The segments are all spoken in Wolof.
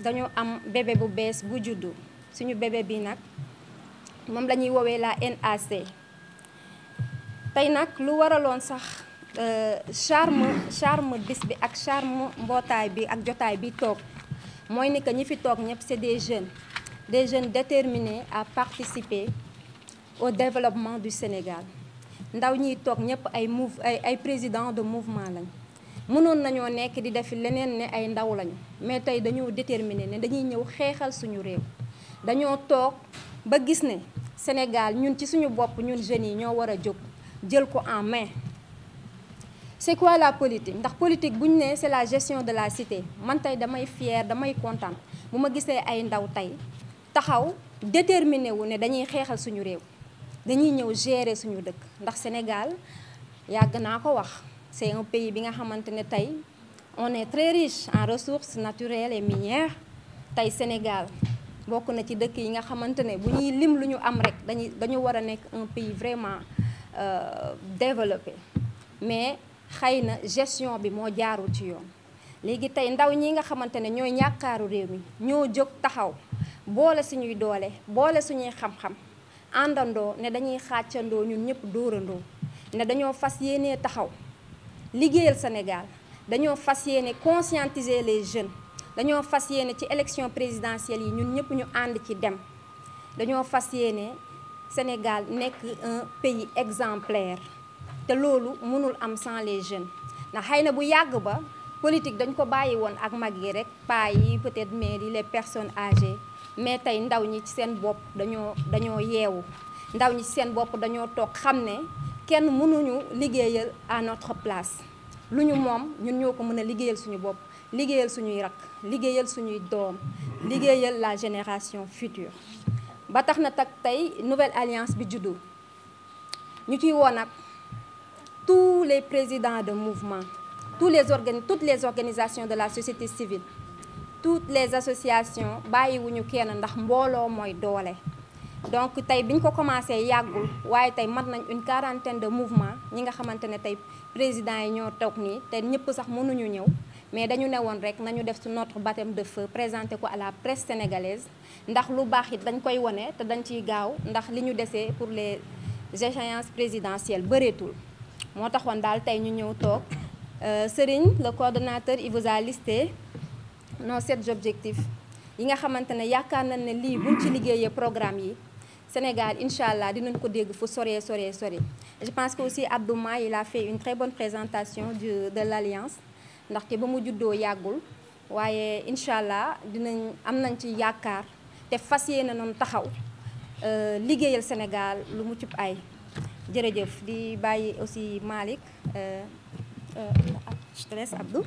dañu am bébé bu bees bu juddu suñu bébé bi nag moom la woowee la NAC tey nag lu waraloon sax euh, charme charme bis bi ak charme mbootaay bi ak jotaay bi toog mooy ni que ñi fi toog ñëpp c'est des jeunes des jeunes déterminés à participer au développement du Sénégal ndaw ñiy toog ñëpp ay mouv ay ay président de mouvement lañ mënoon nañoo nekk di def leneen ne ay ndaw lañu mais tey dañoo déterminé ne dañuy ñëw xeexal suñu réew dañoo toog ba gis ne Sénégal ñun ci suñu bopp ñun jeunes yi ñoo war a jóg jël ko en main. c'est quoi la politique ndax politique bu ñu nee c'est la gestion de la cité man tey damay fier damay kontaan bu ma gisee ay ndaw tey taxaw déterminé wu ne dañuy xeexal suñu réew dañuy ñëw gérer suñu dëkk ndax Sénégal yàgg naa ko wax. c'est un pays bi nga xamante ne tey on est très riche en ressources naturelles et minières tey Sénégal bokk na ci dëkk yi nga xamante ne bu ñuy lim lu ñu am rek dañuy dañu war a nekk un pays vraiment euh, développé mais xëy na gestion bi moo jaarul ci yoon léegi tey ndaw ñi nga xamante ne ñooy ñàkkaaru réew mi ñoo jóg taxaw boole suñuy doole boole suñuy xam-xam àndandoo ne dañuy xàccandoo ñun ñëpp dóorandoo ne dañoo fas yéenee taxaw liggéeyal Sénégal dañoo fas yéene conscientiser les jeunes dañoo fas yéene ci élection présidentielle yi ñun ñëpp ñu ànd ci dem dañoo fas yéene Sénégal nekk un pays exemplaire te loolu mënul am sans les jeunes ndax xëy na bu yàgg ba politique dañ ko bàyyi woon ak mag yi rek paa yi peut-être maire yi les personnes âgées mais tey ndaw ñi ci seen bopp dañoo dañoo yeewu ndaw ñi ci seen bopp dañoo toog xam ne kenn mënuñu liggéeyal à notre place lu ñu moom ñun ñoo ko mën a liggéeyal suñu bopp liggéeyal suñuy rakk liggéeyal suñuy doom liggéeyal la génération future ba tax na tak tey nouvelle alliance bi juddu ñu ciy woo nag tous les présidents de mouvement tous les organ toutes les organisations de la société civile toutes les associations bàyyiwuñu kenn ndax mbooloo mooy doole donc tey bi ñu ko commencé yàggul waaye tey mat nañ une quarantaine de mouvement ñi nga xamante ne tey président yi ñoo toog nii te ñëpp sax mënuñu ñëw mais dañu ne woon rek nañu def su notre baptême de feu présenté ko à la presse sénégalaise ndax lu baax it dañ koy wone te dañ ciy gaaw ndax li ñu desee pour les échéances présidentielles bëreetul moo taxoon daal tey ñu ñëw toog euh, Serigne le coordonnateur il vous a listé nos sept objectifs yi nga xamante ne yaakaar nañ ne lii buñ liggéeyee programme yi Sénégal incha allah dinañ ko dégg fu soree soree sore je pense que aussi Abdouma il a fait une très bonne présentation du de l'alliance ndaxte ba mu juddoo yàggul waaye incha allah dinañ am nañ ci yaakaar te fas yéene noonu taxaw euh, liggéeyal Sénégal lu mu cib ay jërëjëf di bàyyi aussi Malick. Euh, euh, je te laisse Abdou.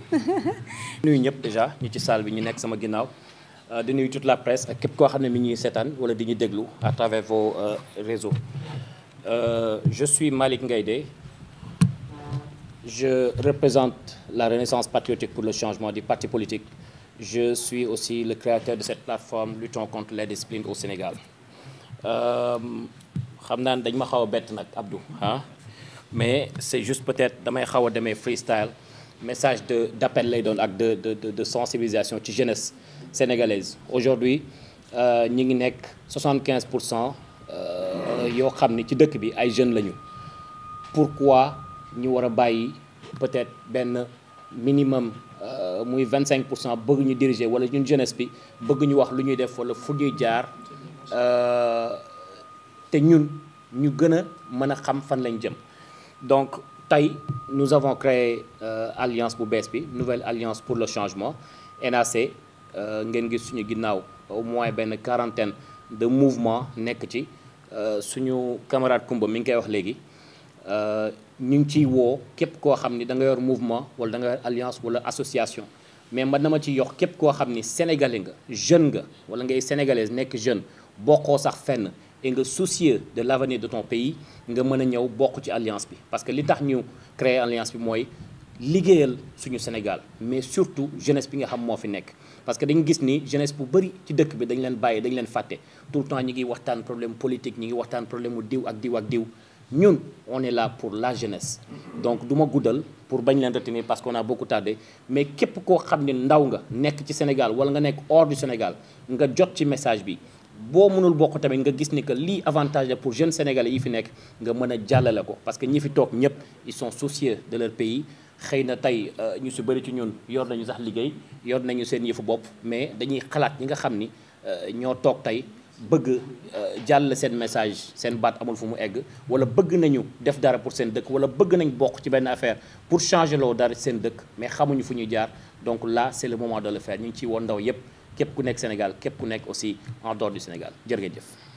nuyu ñëpp déjà ñu ci salle bi ñu nekk sama ginnaaw. Euh, di nuyu toute la presse a képp koo xam ne mi ñuy seetaan wala di ñu déglu à travers vos euh, réseaux euh, je suis Malick Ngaïdé je représente la Renaissance patriotique pour le changement du parti politique je suis aussi le créateur de cette plateforme luttons contre l'indiscipline au Sénégal xam naa ne dañ ma xaw a bett nag Abdou mais c'est juste peut-être damay xaw a demee freestyle message de d'appel lay doon ak de de de sensibilisation ci jeunesse sénégalaise aujourd'hui euh, ñi ngi nekk 75 pour cent euh, yoo xam ni ci dëkk bi ay jeunes lañu pourquoi ñu war a bàyyi peut-être benn minimum euh, muy 25 pour cent bëgg diriger wala ñun jeunesse bi bëgguñu wax lu ñuy def wala fu ñuy jaar te ñun ñu gën a mën a xam fan lañ jëm donc. tey nous avons créé euh, alliance bu bees bi nouvelle alliance pour le changement NAC euh, ngeen gis suñu ginnaaw au moins benn quarantaine de mouvement nekk ci euh, suñu camarade Kumba mi ngi koy wax léegi ñu ngi ciy woo képp koo xam ni da nga yor mouvement wala danga nga yor alliance wala association mais man ma ci yox képp koo xam ni sénégalais nga jeune nga wala ngay sénégalaise nekk jeune bokkoo sax fenn et nga soucieux de l'avenir de ton pays nga mën a ñëw bokk ci alliance bi parce que li tax ñu créer alliance bi mooy liggéeyal suñu Sénégal mais surtout jeunesse bi nga xam moo fi nekk parce que dañu gis ni jeunesse bu bëri ci dëkk bi dañu leen bàyyi dañu leen fàtte tout le temps ñi ngi waxtaan problème politique ñi ngi waxtaan problème mu diw ak diw ak diw ñun on est la pour la jeunesse donc du ma guddal pour bañ leen retenir parce qu'on a beaucoup tardé mais képp koo xam ne ndaw nga nekk ci Sénégal wala nga nekk hors Sénégal nga jot ci message bi boo mënul bokk tamit nga gis ni que lii avantage la pour jeune sénégalais yi fi nekk nga mën a jàllale ko parce que ñi fi toog ñëpp ils sont soucieux de leur pays xëy na tey euh, ñu su bëri ci ñun yor nañu sax liggéey yor nañu seen yëfu bopp mais dañuy xalaat ñi nga xam ni euh, ñoo toog tey bëgg euh, jàll seen message seen baat amul fu mu egg wala bëgg nañu def dara pour seen dëkk wala bëgg nañ bokk ci benn affaire pour changer loo dara seen dëkk mais xamuñu fu ñuy jaar donc là c'est le moment de le faire ñu ngi ciy woon ndaw yëpp képp ku nekk Sénégal képp ku nekk aussi en dehors Sénégal jërë ngeen jëf